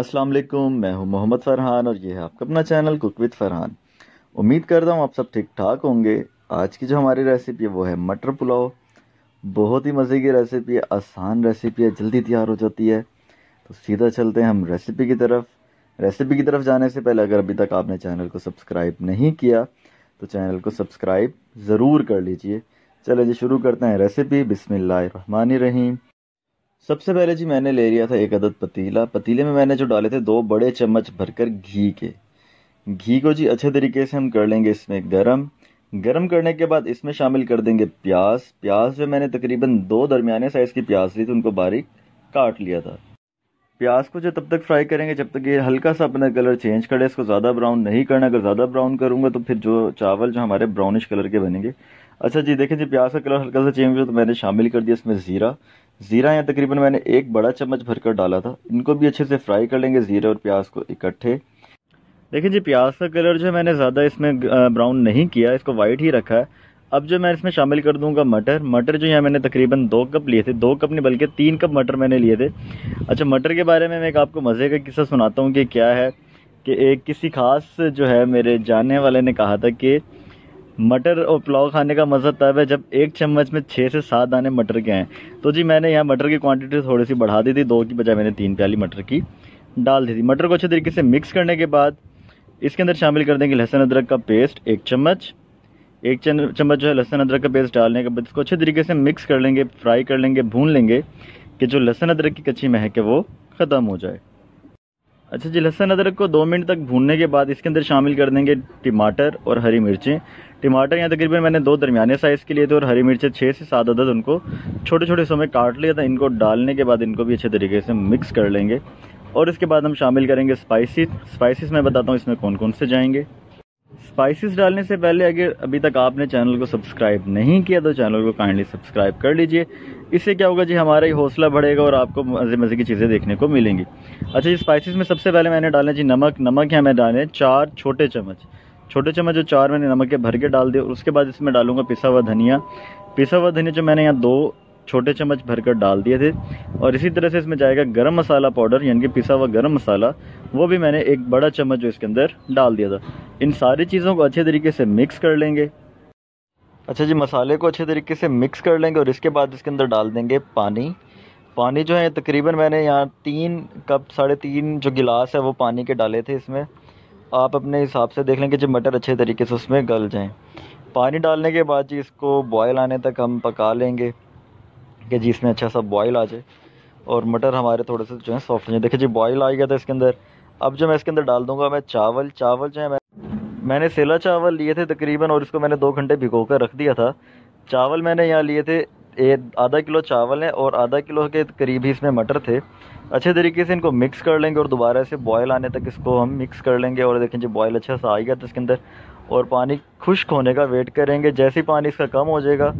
अस्सलाम वालेकुम मैं हूं मोहम्मद फरहान और ये है आपका अपना चैनल कुक विद फरहान उम्मीद करता हूं आप सब ठीक ठाक होंगे आज की जो हमारी रेसिपी है वो है मटर पुलाव बहुत ही मज़े की रेसिपी है आसान रेसिपी है जल्दी तैयार हो जाती है तो सीधा चलते हैं हम रेसिपी की तरफ रेसिपी की तरफ जाने से पहले अगर अभी तक आपने चैनल को सब्सक्राइब नहीं किया तो चैनल को सब्सक्राइब ज़रूर कर लीजिए चले जी शुरू करते हैं रेसिपी बिसमिल्ल रहीम सबसे पहले जी मैंने ले लिया था एक अदद पतीला पतीले में मैंने जो डाले थे दो बड़े चम्मच भरकर घी के घी को जी अच्छे तरीके से हम कर लेंगे इसमें गरम गरम करने के बाद इसमें शामिल कर देंगे प्याज प्याज जो मैंने तकरीबन दो दरमियाने साइज़ की प्याज ली थी उनको बारीक काट लिया था प्याज को जो तब तक फ्राई करेंगे जब तक ये हल्का सा अपना कलर चेंज करे इसको ज़्यादा ब्राउन नहीं करना अगर ज़्यादा ब्राउन करूँगा तो फिर जो चावल जो हमारे ब्राउनिश कलर के बनेंगे अच्छा जी देखें जी प्याज का कलर हल्का सा चेंज हुआ तो मैंने शामिल कर दिया इसमें ज़ीरा ज़ीरा यहाँ तकरीबन मैंने एक बड़ा चम्मच भरकर डाला था इनको भी अच्छे से फ्राई कर लेंगे ज़ीरा और प्याज को इकट्ठे देखें जी प्याज का कलर जो है मैंने ज़्यादा इसमें ब्राउन नहीं किया इसको वाइट ही रखा है अब जो मैं इसमें शामिल कर दूंगा मटर मटर जो यहाँ मैंने तकरीबन दो कप लिए थे दो कप नहीं बल्कि तीन कप मटर मैंने लिए थे अच्छा मटर के बारे में मैं एक आपको मज़े का किस्सा सुनाता हूँ कि क्या है कि एक किसी खास जो है मेरे जानने वाले ने कहा था कि मटर और पुलाव खाने का मज़ा तब है जब एक चम्मच में छः से सात दाने मटर के हैं तो जी मैंने यहाँ मटर की क्वांटिटी थोड़ी सी बढ़ा दी थी दो की बजाय मैंने तीन प्याली मटर की डाल दी थी मटर को अच्छे तरीके से मिक्स करने के बाद इसके अंदर शामिल कर देंगे लहसुन अदरक का पेस्ट एक चम्मच एक चम्मच जो है लहसुन अदरक का पेस्ट डालने के बाद इसको अच्छे तरीके से मिक्स कर लेंगे फ्राई कर लेंगे भून लेंगे कि जो लहसुन अदरक की कच्ची महक है वो ख़त्म हो जाए अच्छा जी लहसन अदरक को दो मिनट तक भूनने के बाद इसके अंदर शामिल कर देंगे टमाटर और हरी मिर्चें टमाटर यहाँ तकरीबन मैंने दो दरमियाने साइज़ के लिए थे और हरी मिर्चें छः से सात अदद उनको छोटे छोटे समय काट लिया था इनको डालने के बाद इनको भी अच्छे तरीके से मिक्स कर लेंगे और इसके बाद हम शामिल करेंगे स्पाइसी स्पाइसिस मैं बताता हूँ इसमें कौन कौन से जाएंगे स्पाइसेस डालने से पहले अगर अभी तक आपने चैनल को सब्सक्राइब नहीं किया तो चैनल को काइंडली सब्सक्राइब कर लीजिए इससे क्या होगा जी हमारा ही हौसला बढ़ेगा और आपको मज़े मज़े की चीज़ें देखने को मिलेंगी अच्छा जी स्पाइसेस में सबसे पहले मैंने डालना जी नमक नमक यहाँ मैं डाले चार छोटे चम्मच छोटे चम्मच जो चार मैंने नमक के भर के डाल दिए उसके बाद इसमें डालूंगा पिसा हुआ धनिया पिसा हुआ धनिया जो मैंने यहाँ दो छोटे चम्मच भरकर डाल दिए थे और इसी तरह से इसमें जाएगा गरम मसाला पाउडर यानी कि पिसा हुआ गरम मसाला वो भी मैंने एक बड़ा चम्मच जो इसके अंदर डाल दिया था इन सारी चीज़ों को अच्छे तरीके से मिक्स कर लेंगे अच्छा जी मसाले को अच्छे तरीके से मिक्स कर लेंगे और इसके बाद इसके अंदर डाल देंगे पानी पानी जो है तकरीबन मैंने यहाँ तीन कप साढ़े तीन जो गिलास है वो पानी के डाले थे इसमें आप अपने हिसाब से देख लेंगे जब मटर अच्छे तरीके से उसमें गल जाएँ पानी डालने के बाद जी इसको बॉयल आने तक हम पका लेंगे कि जी इसमें अच्छा सा बॉयल आ जाए और मटर हमारे थोड़े से जो है सॉफ्ट हो जाए देखिए जी बॉयल आ गया था इसके अंदर अब जो मैं इसके अंदर डाल दूँगा मैं चावल चावल जो है मैं मैंने सेला चावल लिए थे तकरीबन और इसको मैंने दो घंटे भिगो कर रख दिया था चावल मैंने यहाँ लिए थे एक आधा किलो चावल है और आधा किलो के करीब ही इसमें मटर थे अच्छे तरीके से इनको मिक्स कर लेंगे और दोबारा से बॉयल आने तक इसको हम मिक्स कर लेंगे और देखें जी बॉयल अच्छा सा आएगा तो इसके अंदर और पानी खुश्क होने का वेट करेंगे जैसे ही पानी इसका कम हो जाएगा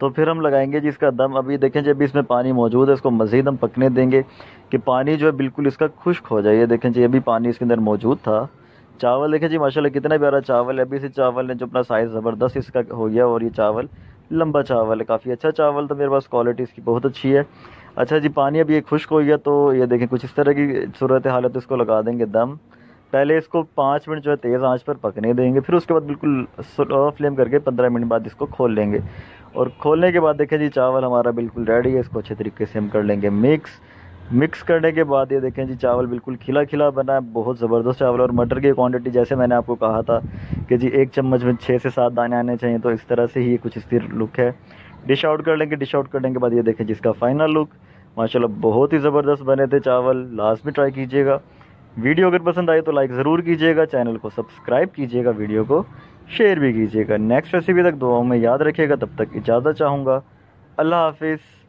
तो फिर हम लगाएंगे जी इसका दम अभी देखें जब इसमें पानी मौजूद है इसको मज़ीद हम पकने देंगे कि पानी जो है बिल्कुल इसका खुश्क हो जाए देखें जी अभी पानी इसके अंदर मौजूद था चावल देखें जी माशाल्लाह कितना प्यारा चावल है अभी से चावल ने जो अपना साइज़ ज़बरदस्त इसका हो गया और ये चावल लंबा चावल है काफ़ी अच्छा चावल तो मेरे पास क्वालिटी इसकी बहुत अच्छी है अच्छा जी पानी अभी ये खुश्क हो गया तो ये देखें कुछ इस तरह की सूरत हालत इसको लगा देंगे दम पहले इसको पाँच मिनट जो है तेज़ आँच पर पकने देंगे फिर उसके बाद बिल्कुल स्लो फ्लेम करके पंद्रह मिनट बाद इसको खोल लेंगे और खोलने के बाद देखें जी चावल हमारा बिल्कुल रेडी है इसको अच्छे तरीके से हम कर लेंगे मिक्स मिक्स करने के बाद ये देखें जी चावल बिल्कुल खिला खिला बना है बहुत ज़बरदस्त चावल और मटर की क्वांटिटी जैसे मैंने आपको कहा था कि जी एक चम्मच में छः से सात दाने आने चाहिए तो इस तरह से ही कुछ स्थिर लुक है डिश आउट कर लेंगे डिश आउट करने के बाद ये देखें जिसका फाइनल लुक माशाल्लाह बहुत ही ज़बरदस्त बने थे चावल लास्ट में ट्राई कीजिएगा वीडियो अगर पसंद आए तो लाइक ज़रूर कीजिएगा चैनल को सब्सक्राइब कीजिएगा वीडियो को शेयर भी कीजिएगा नेक्स्ट रेसिपी तक दुआओं में याद रखिएगा तब तक इजाज़त चाहूँगा अल्लाह हाफिज़